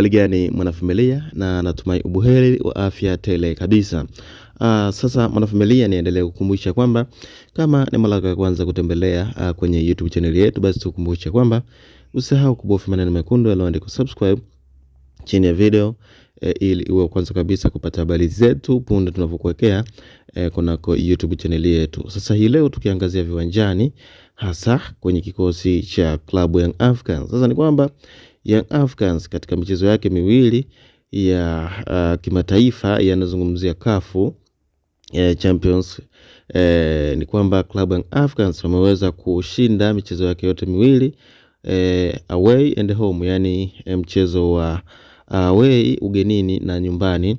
hali gani mwanafamilia? Na natumai ubuheri wa afya tele kabisa. Uh, sasa mwanafamilia, niendelee kukumbusha kwamba kama ni mara ya kwanza kutembelea uh, kwenye YouTube channel yetu, basi tukumbushe kwamba usahau kubofya maneno mekundu yaliyoandikwa subscribe chini ya video eh, ili uwe kwanza kabisa kupata habari zetu punde tunavyokuwekea e, eh, kunako YouTube channel yetu. Sasa hii leo tukiangazia viwanjani, hasa kwenye kikosi cha klabu Young Africans. Sasa ni kwamba Young Africans katika michezo yake miwili ya uh, kimataifa yanazungumzia kafu eh, Champions eh, ni kwamba Club Young Africans wameweza kushinda michezo yake yote miwili eh, away and home, yani eh, mchezo wa away ugenini na nyumbani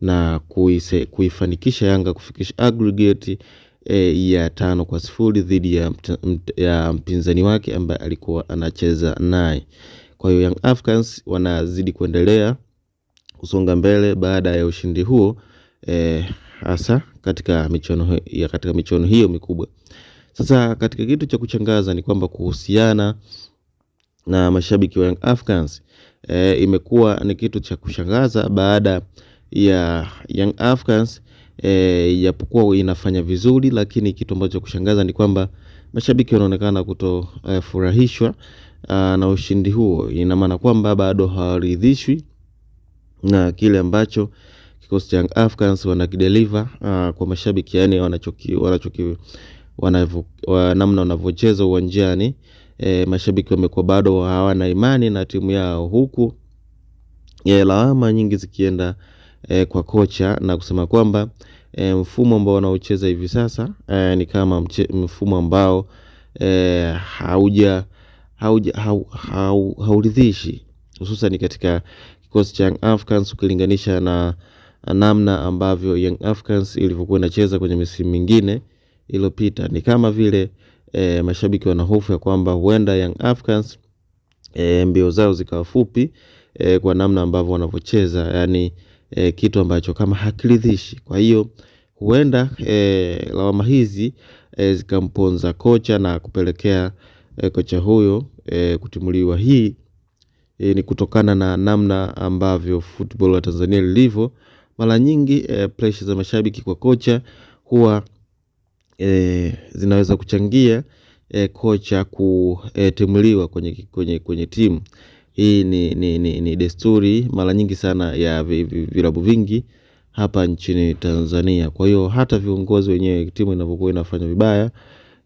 na kuise, kuifanikisha Yanga kufikisha aggregate e, ya tano kwa sifuri dhidi ya, ya mpinzani wake ambaye alikuwa anacheza naye. Kwa hiyo Young Africans wanazidi kuendelea kusonga mbele baada ya ushindi huo eh, hasa katika michuano ya katika michuano hiyo mikubwa. Sasa katika kitu cha kuchangaza ni kwamba kuhusiana na mashabiki wa Young Africans eh, imekuwa ni kitu cha kushangaza baada ya Young Africans e, inafanya vizuri, lakini kitu ambacho kushangaza ni kwamba mashabiki wanaonekana kutofurahishwa e, Ah, na ushindi huo, ina maana kwamba bado hawaridhishwi na kile ambacho kikosi cha Young Africans wanakideliver ah, kwa mashabiki, yani wanachoki, wanachoki, namna wanavyocheza uwanjani. E, mashabiki wamekuwa bado hawana imani na timu yao huku e, lawama nyingi zikienda e, kwa kocha na kusema kwamba e, mfumo ambao wanaocheza hivi sasa e, ni kama mche, mfumo ambao e, hauja hauridhishi hususan katika kikosi cha Young Africans ukilinganisha na namna ambavyo Young Africans ilivyokuwa inacheza kwenye misimu mingine iliyopita. Ni kama vile e, mashabiki wana hofu ya kwamba huenda Young Africans e, mbio zao zikawa fupi e, kwa namna ambavyo wanavyocheza yani, e, kitu ambacho kama hakiridhishi. Kwa hiyo huenda e, lawama hizi e, zikamponza kocha na kupelekea e, kocha huyo e, kutimuliwa. Hii e, ni kutokana na namna ambavyo football la Tanzania lilivyo. Mara nyingi e, pressure za mashabiki kwa kocha huwa e, zinaweza kuchangia e, kocha kutimuliwa kwenye, kwenye, kwenye timu. Hii ni, ni, ni, ni desturi mara nyingi sana ya vilabu vingi hapa nchini Tanzania. Kwa hiyo hata viongozi wenyewe timu inapokuwa inafanya vibaya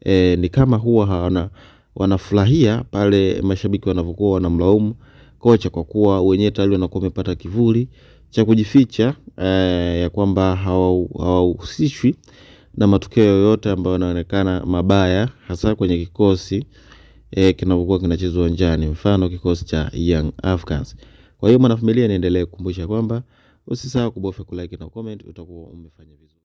e, ni kama huwa hawana wanafurahia pale mashabiki wanavyokuwa wanamlaumu kocha kwa kuwa wenyewe tayari wanakuwa wamepata kivuli cha kujificha eh, ya kwamba hawahusishwi hawa na matukio yoyote ambayo yanaonekana mabaya hasa kwenye kikosi eh, kinavyokuwa kinachezwa uwanjani, mfano kikosi cha Young Africans. Kwa hiyo mwanafamilia, niendelee kukumbusha kwamba usisahau kubofya kulike na comment, utakuwa umefanya vizuri.